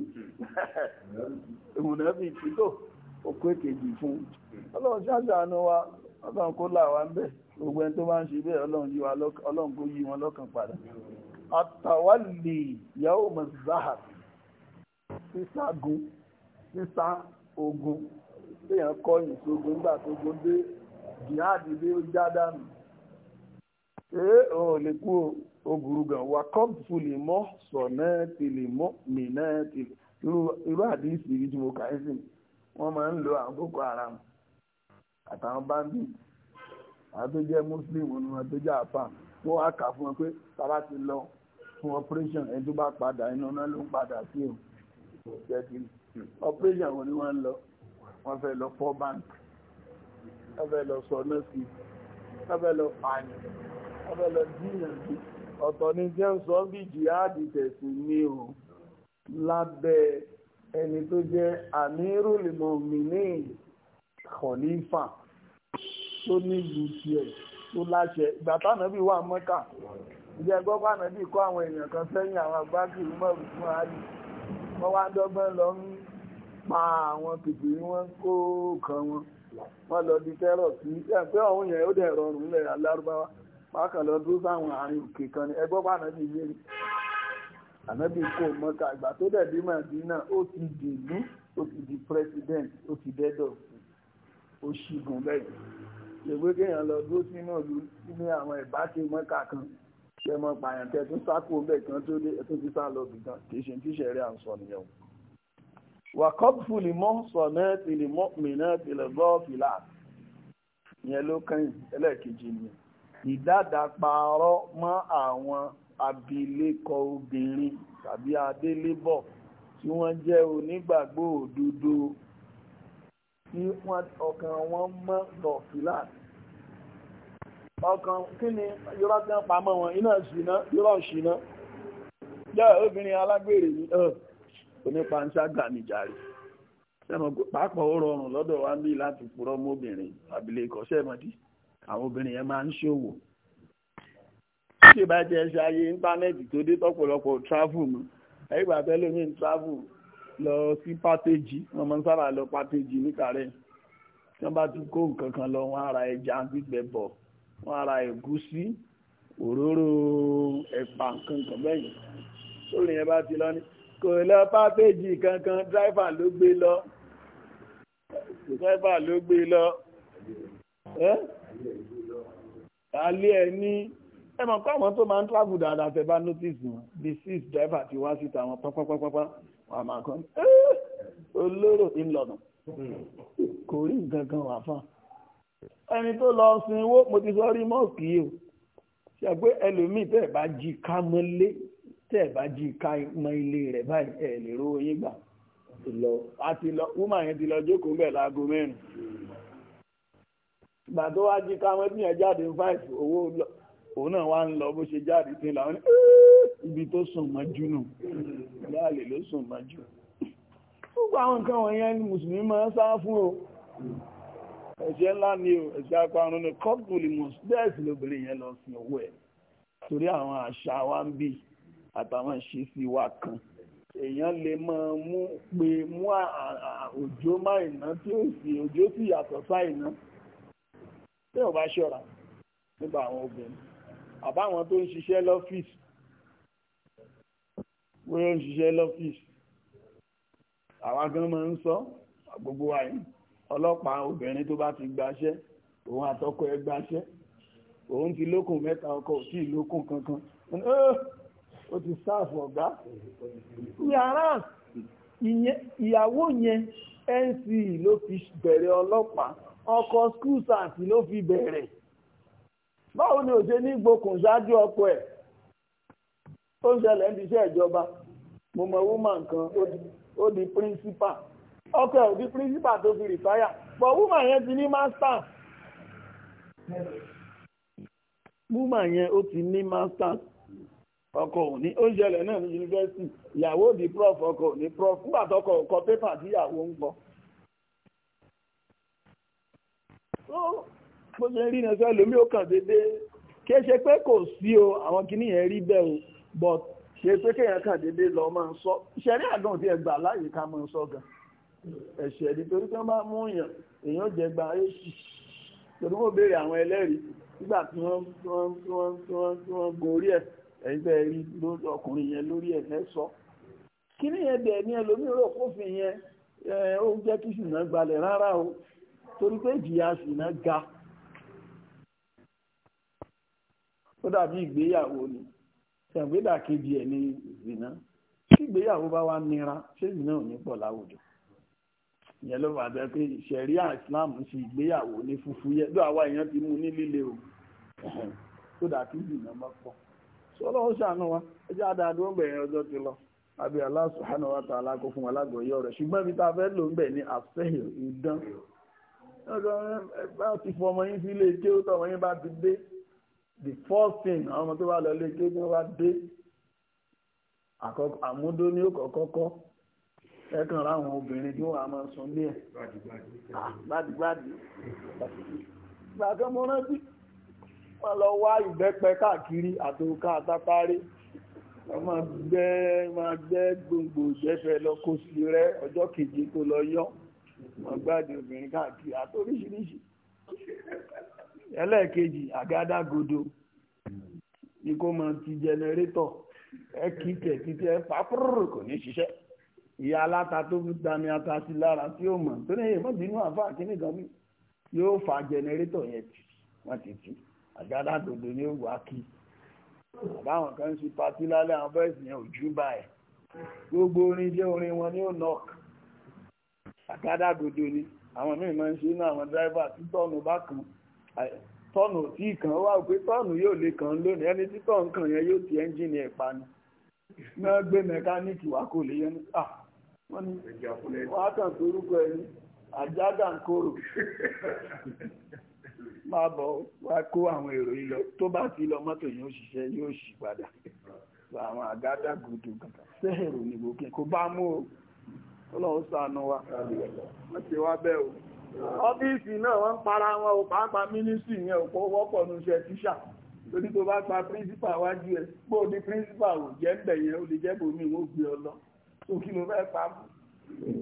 ìmùnẹ́bí tí tó okó èkejì fún ọlọ́run ṣáàṣàánú wa ọlọ́run kó láwà ń bẹ̀ gbogbo ẹni tó bá ń ṣe yi ọlọ́run kó yí wọn lọ́kàn padà àtàwálì ogun léèyàn ó burú gan wà kọ́ọ̀pù lè mọ́ sọ̀nà ti lè mọ́ mìnà ti irú àdísì yìí tí mo kà í sí wọ́n máa ń lo àkókò ara mu àtàwọn báńbì àtúnjẹ́ muslim ní wọn tó jẹ́ àfà wọ́n wá kà fún wọn pé sábà ti lọ fún operation ẹni tó bá padà iná náà ló ń padà sí o jẹ́kiri operation wo ni wọ́n ń lọ wọ́n fẹ́ lọ fọ́ bank wọ́n fẹ́ lọ sọ nọ́ọ̀sì wọ́n fẹ́ lọ pààyàn wọ́n fẹ́ lọ díyàn sí ọ̀tọ̀ ni jẹ́ ń sọ bí jihad tẹ̀sí ni o lábẹ́ ẹni tó jẹ́ Amirul Mu'minin Khalifa tó nílùú tiẹ̀ tó láṣẹ ìgbà tánàbí wà Mẹ́kà ìjẹ́ gbọ́pá nàbí kó àwọn èèyàn kan sẹ́yìn àwọn agbákìrì mọ́rù fún àlè wọ́n wá dọ́gbọ́n lọ ń pa àwọn pìpì wọn kó kan wọn wọ́n lọ di tẹ́rọ̀ sí ẹ̀ pé ọ̀hún yẹn ó dẹ̀ rọrùn lẹ̀ alárúbáwá pákà lọ dúró sáwọn àárín òkè kan ni ẹgbọ́n bá ànábì lérí ànábì kò mọ́ta ìgbà tó dẹ̀bí màdínà ó ti dìlú ó ti di president ó ti dẹ́dọ̀ ó ṣìgùn bẹ́ẹ̀ ṣègbè kéèyàn lọ dúró sínú ìlú sínú àwọn ìbáṣe mọ́ta kan ṣẹmọ pààyàn tẹ̀tún sákò bẹ́ẹ̀ kan tó dé tó ti sá lọ bìkan kì í ṣe tíṣẹ̀ rí à ń sọ nìyẹn o. wàkọ́pù lìmọ́ sọ̀nà tìlìmọ́ mìíràn tìlẹ̀gọ́ọ̀fìlà ìyẹn ló kẹ́yìn ẹlẹ́ẹ̀kejì nìyẹn ìdádàparọ́ mọ́ àwọn abilékọ obìnrin tàbí adélébọ̀ tí wọ́n jẹ́ onígbàgbọ́ òdodo tí ọkàn wọn mọ́ tọ̀fìlà ọkàn kí ni irọ́ tí wọ́n pamọ́ wọn iná ìṣìná irọ́ ìṣìná jẹ́ obìnrin alágbèrè ní ọ̀ onípanṣágà nìjàre sẹ́mọ̀ pàápàá ó rọrùn lọ́dọ̀ wa ń bí láti purọ́ mọ́bìnrin abilékọ sẹ́mọ̀dí àwọn obìnrin yẹn máa ń ṣòwò ṣe bá jẹ ṣe ayé íńtánẹ́ẹ̀tì tó dé tọ́pọ̀lọpọ̀ travel mu ẹgbà tẹ́lẹ̀ mi ń travel lọ sí pátéjì wọn máa ń sábà lọ pátéjì níkàrẹ́ tí wọ́n bá ti kó nǹkan kan lọ wọ́n á ra ẹja gbígbẹ bọ̀ wọ́n á ra ẹ̀gúsí òróró ẹ̀pà kankan bẹ́yìn tó lè yẹn bá ti lọ ní kò lọ pátéjì kankan dráìfà ló gbé lọ dráìfà ló gbé lọ alẹ́ ẹ ní ẹ mọ̀ kọ́ àwọn tó máa ń travel dáadáa tẹ bá notice wọn the six driver ti wá síta wọn pápápápápá wọn àmà kan olóró ńlọrọ kò rí nǹkan kan wà fún ẹni tó lọ sin owó mo ti sọ rí mọ́ọ̀kì yìí o ṣe pé ẹlòmíì tẹ́ ẹ̀ bá jí ká mọ́lé tẹ́ ẹ̀ bá jí ká mọ ilé rẹ̀ báyìí ẹ̀ lè rówó yín gbà àti lọ wúmà yẹn ti lọ jókòó bẹ̀ láago mẹ́rin ìgbà tó wá jí káwọn ẹbí yẹn jáde five owó òun náà wá ń lọ bó ṣe jáde tí làwọn ní ibi tó sùn mọ́jú nù láàlè ló sùn mọ́jú gbogbo àwọn nǹkan wọ̀nyẹn ni mùsùlùmí máa ń sá fún o ẹ̀ṣẹ̀ ńlá ni o ẹ̀ṣẹ̀ apárun ni kọ́pùlì mọ̀sídẹ́ẹ̀sì lóbìnrin yẹn lọ sí owó ẹ̀ torí àwọn àṣà wa ń bì àtàwọn ìṣesí wa kan èèyàn lè máa mú pé mú òjò máìná tí ó sì òjò sì yàtọ̀ sáìná tí ò bá ṣọ́ra nípa àwọn obìnrin àbáwọn tó ń ṣiṣẹ́ lọ́fíìsì wọ́n ń ṣiṣẹ́ lọ́fíìsì àwọn gan máa ń sọ gbogbo àyí ọlọ́pàá obìnrin tó bá ti gbaṣẹ́ òun àtọkọ ẹ̀ gbaṣẹ́ òun ti lókùn mẹ́ta ọkọ ò tí lókùn kankan ó ti sáàfù ọ̀gá yàrá ìyàwó yẹn nc e ló fi bẹ̀rẹ̀ ọlọ́pàá ọkọ̀ school sars ló fi bẹ̀rẹ̀ báwo ni òṣè ní gbokùn ṣáájú ọkọ ẹ̀ tó ń ṣẹlẹ̀ níbi iṣẹ́ ìjọba mo mọ̀ woman kan ó di principal ọkọ ẹ̀ ò di principal tó fi rìtáyà but woman yẹn ti ní master woman yẹn ó ti ní master ọkọ ò ní ó ń ṣẹlẹ̀ náà ní yunifásitì ìyàwó di prof ọkọ ò ní prof nígbà tó kọ ọkọ pépà tíyàwó ń gbọ́. bó ṣe rí náà sọ lómi ó kàn dédé kí ẹ ṣe pé kò sí o àwọn kìíní yẹn rí bẹ́ẹ̀ o but ṣe pé kéèyàn kàn dédé lọ máa ń sọ ṣẹ̀rí àdán tí ẹ gbà láàyè ká máa ń sọ gan ẹ̀ṣẹ̀ nítorí tí wọ́n bá mú èèyàn èèyàn jẹ gba èṣù torí wọ́n béèrè àwọn ẹlẹ́rìí nígbà tí wọ́n tí wọ́n tí wọ́n tí wọ́n tí wọ́n gorí ẹ̀ ẹ̀yin tẹ́ rí ọkùnrin yẹn lórí ẹ̀ ẹ sọ kí ni yẹn dẹ̀ ní ẹlòmíràn kófin yẹn ó jẹ́ kí ṣùgbọ́n gbalẹ̀ rárá o torí pé ìjìyà ṣìnà ga ó dàbí ìgbéyàwó ni ṣàgbédà kejì ẹ̀ ní ìzìnà tí ìgbéyàwó bá wá nira ṣé ìzìnà ò ní pọ̀ láwùjọ ìyẹn ló fà bẹ́ẹ̀ pé ìṣẹ̀ríà Islam ṣe ìgbéyàwó ní fúfú yẹ ló àwa èèyàn ti mú ní líle o ó dà kí ìzìnà má pọ̀ sọlọ́ ó ṣàánú wa ẹ jẹ́ àdáadúró bẹ̀rẹ̀ ọjọ́ ti lọ àbí Allah subhanahu wa ta'ala kó fún wa lágbòóyọ̀ rẹ̀ ṣùgbọ́n ibi tá a fẹ́ lò ń bẹ̀ ní àfẹ́hìn ìdán ọ̀dọ̀ bá ti fọ yín sí ilé ike ó tọ́ yín bá ti dé the first thing ọmọ tó bá lọ ilé ike tí bá dé àmúdó ní òkọ̀kọ́kọ́ ẹ̀kan láwọn obìnrin tí wọ́n á máa sun lé ẹ̀ gbádìgbádì ìgbà wọ́n lọ wá ìbẹ́pẹ káàkiri àtòkà àtàtàrí ọmọ máa gbẹ́ gbòǹgbò ìgbẹ́fẹ́ lọ kó sí rẹ ọjọ́ keje kó lọ yán wọ́n gbáàdì obìnrin káàkiri àti oríṣiríṣi ẹlẹ́ẹ̀kejì àgádágodo ni kó máa ti jẹnẹrétọ̀ ẹ kì í tẹ̀ títí ẹ fà púrúrú kò ní ṣiṣẹ́ ìyá aláta tó ń dami ata sí lára tí ó mọ̀ tó ní èyí mọ́bìnú àfáà kínní kan mi yóò fa jẹnẹrétọ̀ yẹn tì wọ́n ti tì àgádágodo ni ó wà kí àbáwọn kan ń ṣe patí lálẹ́ àwọn bẹ́ẹ̀sì yẹn ò jú báyìí gbogbo orin jẹ́ orin wọn ni ó nọ́ọ̀kì. àgádágodo ni àwọn míì máa ń ṣe inú àwọn dráìvà tí tọ́ọ̀nù bá kan tọ́ọ̀nù tí kan wá pé tọ́ọ̀nù yóò lè kàn lónìí ẹni tí tọ́ọ̀nù kan yẹn yóò ti ẹ́ńjìnì ẹ̀ pa ni náà gbé mẹkáníìkì wá kò lè yẹn ní ah, wọ́n ní wọ́n kàn torúkọ ẹni ń kóró máa bọ̀ wá kó lọ tó bá ti lọ mọ́tò yóò ṣiṣẹ́ yóò ṣì padà àwọn àgádágodo sẹ́ẹ̀rù kò bá ọlọ́run ṣàánú wa wọ́n ti wá bẹ́ẹ̀ o ọ́fíìsì náà wọ́n ń para wọn o pàápàá mínísítì yẹn ò kó wọ́pọ̀ ní iṣẹ́ tíṣà torí tó bá pa píríncípà wájú ẹ̀ pé o di píríncípà ò jẹ́ ń bẹ̀ yẹn ó lè jẹ́ bòmí wọn ò gbé tó kí ló fẹ́ pa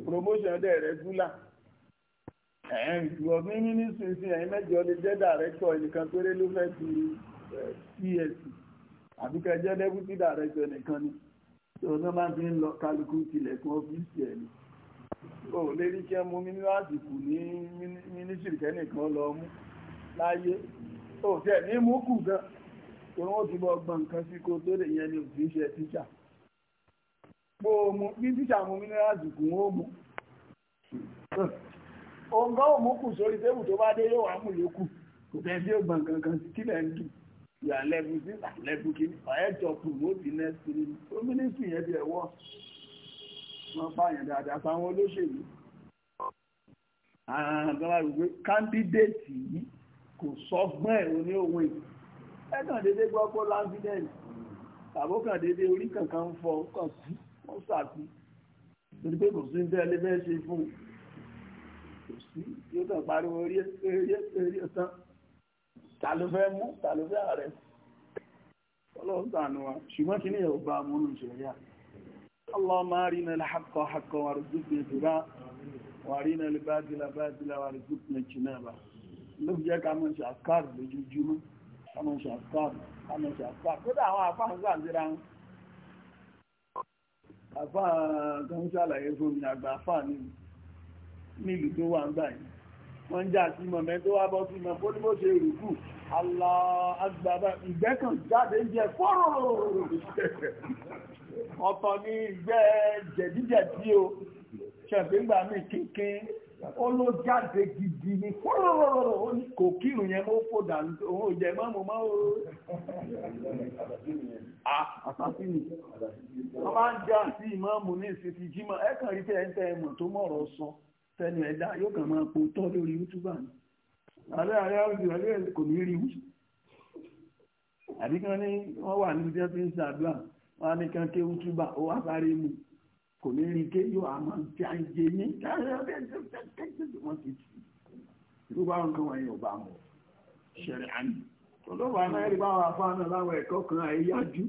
promotion dẹ̀ regular ẹ̀ẹ́dùn ní mínísítì sí ẹ̀yìn mẹ́jọ lè jẹ́ dàrẹ́tọ̀ ẹnìkan péré ló fẹ́ ti eh, psc àbíkẹ́ jẹ́ deputy director nìkan ni ọ̀nà bá ti ń lọ kálukú tilẹ̀kùn ọ́fíìsì ẹ̀ ni o lè ní kí ẹmú nínú àsìkò ní mínísírì kẹ́nìkan lọ mú láyé ó tẹ̀ ní mú kù gan tó wọ́n ti bọ́ gbọ́n nǹkan sí kó tó lè yẹn ni òfin ṣe tíṣà bó o mú bí tíṣà mú nínú àsìkò ó mú òǹkà ò mú kù sórí tébù tó bá dé yóò wá mú yókù kò tẹ́ sí ògbọ̀n kankan sí kílẹ̀ ń dùn you are level six and ah, level kini ọ̀yẹ́ jọ promote the next three so ministry yẹn bí ẹ wọ́ wọ́n bá yẹn dáadáa sáwọn olóṣèlú àgbàlá wípé kándídéètì yìí kò sọgbọ́n ẹ̀ oní òun èyí ẹ̀kàn déédéé gbọ́ kó láńfídẹ́ẹ̀lì tàbó kàn déédéé orí kankan ń fọ kàn sí wọ́n sàkú torí pé kò sí ń tẹ́lẹ̀ bẹ́ẹ̀ ṣe fún un kò sí yóò kàn pariwo eré eré eré tán ta ló fẹ́ mú ta ló fẹ́ ààrẹ ọlọ́run tànù wa ṣùgbọ́n kí ní ẹ̀ ọba múnú ìṣẹ̀lẹ̀ اللهم أرنا الحق حقا وارزقنا اتباعه وأرنا الباطل باطلا وارزقنا اجتنابه ló fi jẹ́ ká mọ́ ṣe àkáàrù lójoojúmọ́ ká mọ́ ṣe àkáàrù ká mọ́ ṣe àkáàrù kódà wọ́n jà sí mọ̀mẹ́ tó wá bọ́ sí mọ̀ fó ní bó ṣe rùkù aláàgbàbà ìgbẹ́kàn jáde ń jẹ fọ́rọ̀ ọ̀tọ̀ ní ìgbẹ́ jẹ̀díjẹ̀dí o ṣẹ̀gbẹ́gbà mi kínkín ó ló jáde gidi ní fọ́rọ̀rọ̀rọ̀ ó ní kò kírun yẹn mọ́ fò dànù òun ò sẹ́nu ẹ̀dá yóò kàn máa po tọ́ lórí yútúbà ni ààrẹ ààrẹ àwùjọ ẹgbẹ́ kò ní rí wù àbí kan ní wọ́n wà níbi jẹ́ fi ń ṣàdúrà wọ́n á ní kan ké yútúbà ó wá sáré mu kò ní rí ké yóò á máa jẹ́ àìjẹ́ ní wọ́n ti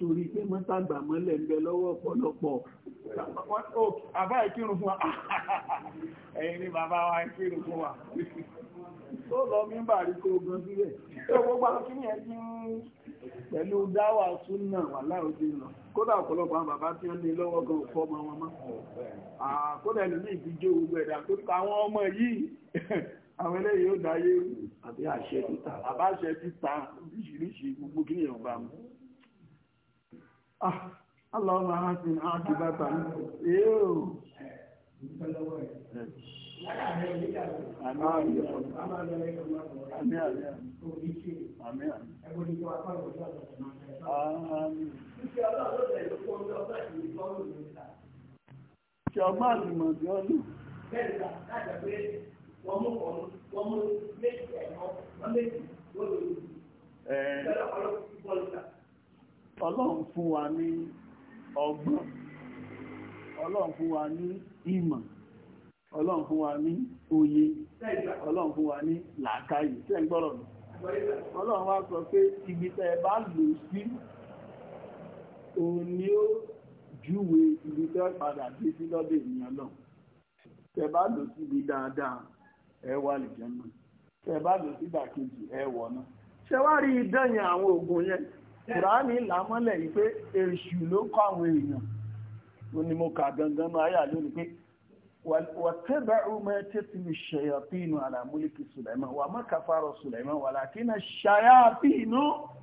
torí pé mọ́ tàgbà mọ́lẹ̀ ń bẹ lọ́wọ́ ọ̀pọ̀lọpọ̀ bàbá ìkírun fún wa ẹ̀yin ni bàbá wa ìkírun fún wa tó lọ mí bà rí kó gan sílẹ̀ tó gbogbo àwọn kí ni ẹ ti ń pẹ̀lú dáwà súnà wà láòdì lọ kódà ọ̀pọ̀lọpọ̀ àwọn bàbá tí ó ní lọ́wọ́ gan fọ́ ọmọ wọn mọ́ kódà ìlú ní ìdíje gbogbo ẹ̀dà tó àwọn ọmọ yìí àwọn eléyìí ó dáyé àbí àṣẹ títà àbáṣẹ títà oríṣiríṣi gbogbo kí ni ìyọ̀nba mú Allahumma hasin akibata yóò. Ṣọgbọ́n àlùmọ̀ tí ó ọlọ́run fún wa ní ọgbọ́n ọlọ́run fún wa ní ìmọ̀ ọlọ́run fún wa ní òye ọlọ́run fún wa ní làákàyè tẹ́ ń gbọ́rọ̀ mi ọlọ́run wá sọ pé ibi tẹ́ ẹ bá lò sí òun ni ó júwe ibi tẹ́ padà dé sí lọ́dọ̀ ènìyàn náà tẹ́ bá lò síbi dáadáa ẹ wà lè jẹun tẹ́ bá lò síbàkejì ẹ wọ̀ náà ṣe wá rí idán àwọn oògùn yẹn kùránì làmọ́lẹ̀ yìí pé èṣù ló kọ́ àwọn èèyàn ó ní mo kà gangan náà ayà lónìí pé واتبعوا ما تتلو الشياطين على ملك سليمان وما كفر سليمان ولكن الشياطين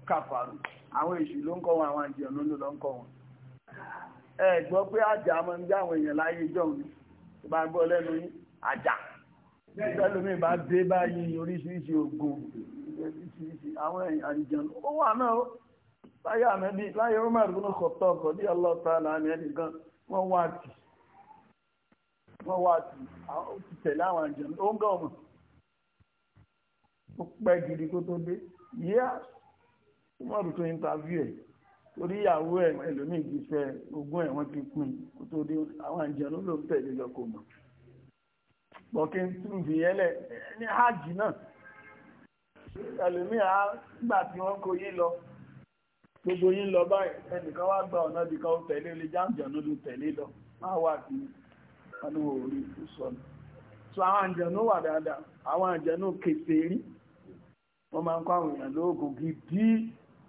كفروا àwọn èṣù ló ń kọ́ wọn àwọn àjẹ̀nú ló ń kọ́ wọn ẹ gbọ́ pé àjà máa ń gbé àwọn èèyàn láyé jọ̀hún ní tó bá gbọ́ lẹ́nu yín àjà ìfẹ́lómi bá dé báyìí oríṣiríṣi ogun oríṣiríṣi àwọn àjẹ̀nú ó wà náà láyé ànábì láyé Umar ibn Khattab kọ̀dí ọlọ́ta láàrin ẹnìkan wọ́n wá tì wọ́n wá tì ti tẹ̀lé àwọn àjẹm ó ń gọ̀ ọ̀mọ̀ ó pẹ́ gidi kó tó dé yíyá tó ẹ̀ torí ìyàwó ẹ̀ ẹlòmíì ti fẹ́ ogún ẹ̀ wọ́n ti kó tó dé àwọn àjẹm ló ń tẹ̀lé lọ mọ̀ bọ̀kí tún fi gbogbo yín lọ báyìí ẹnìkan wá gba ọ̀nà bí kan ó tẹ̀lé lè jáǹjẹ̀ ọ̀nà ló tẹ̀lé lọ máa wà sí ọ̀nà orí ìsọ̀nà so àwọn àjẹ̀nú wà dáadáa àwọn àjẹ̀nú kèsè rí wọ́n máa ń kọ́ àwọn èèyàn lóògùn gidi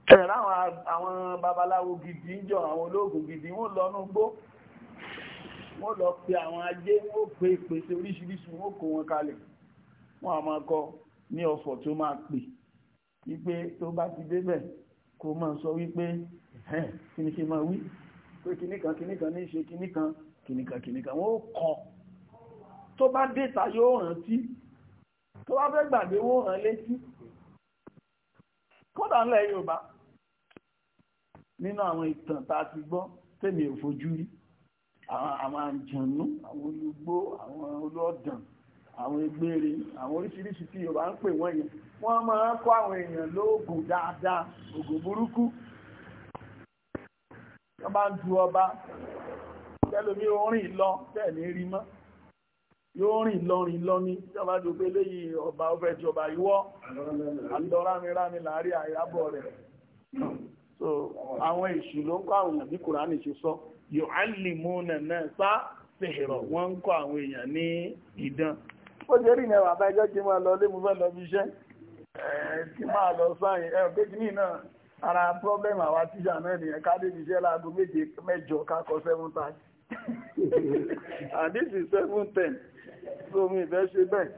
ẹ̀rọ àwọn babaláwo gidi ń jọ àwọn olóògùn gidi wọ́n lọ nú gbó wọ́n lọ pe àwọn ajé wọ́n pe ìpèsè oríṣiríṣi wọ́n kó wọn kalẹ̀ wọ́n á máa kọ ní ọ̀fọ̀ tó máa pè kò máa sọ wípé ẹ̀ kíní kí máa wí pé kìníkan kìníkan ní ṣe kìníkan kìníkan kìníkan wọ́n ó kọ tó bá déta yóò rántí tó bá fẹ́ gbàgbé wọ́n rán létí kódà ńlẹ̀ Yorùbá nínú àwọn ìtàn tá a ti gbọ́ tèmi ò fojú rí àwọn àjànú àwọn olùgbò àwọn olóòdàn àwọn egbére àwọn oríṣiríṣi tí Yorùbá ń pè wọ́n yẹn wọ́n máa ń kọ́ àwọn èèyàn lóògùn dáadáa ògùn burúkú wọ́n bá ń du ọba tẹ́lómi orin lọ tẹ́ẹ̀ní rí mọ́ yóò rìn lọrin lọ́ní jọba dùgbé léyìí ọba ọfẹ́ jọba ìwọ́ àdọ́rámirámi láàrin àyàbọ̀ rẹ̀ so àwọn èṣù ló ń kọ́ àwọn èèyàn bí kùránì ṣe sọ yóò á lè mú nànà sá sèhìrọ̀ wọ́n ń kọ́ àwọn èèyàn ní ìdán ó ṣe rí ìyẹn bàbá ẹjọ́ kí n máa lọ lé mo fẹ́ lọ bí iṣẹ́ kí n máa lọ sáyìn ẹ̀ pé kìíní náà ara pọ́blẹ́mù àwa tíṣà náà nìyẹn ká dé iṣẹ́ láago méje mẹ́jọ ká kọ seven thirty and this is seven ten so mi ìfẹ́ ṣe bẹ́ẹ̀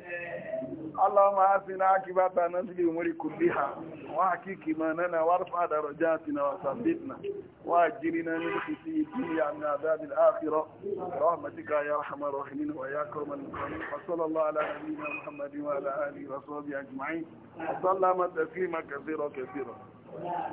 aláwọ̀má sí náà kí bá ta náà sílé ìmúrí kò bí ha wọ́n á kí kì máa náà wà fún àdàrọ̀ já àti náà sàbẹ̀tìnà wọ́n á jírí náà nínú kì sí ìdí àmì àdáàbì àkírọ̀ rahmatika ya rahman rahimin wa ya karman muhammadin wa sallallahu ala nabiyyina wa ala alihi wa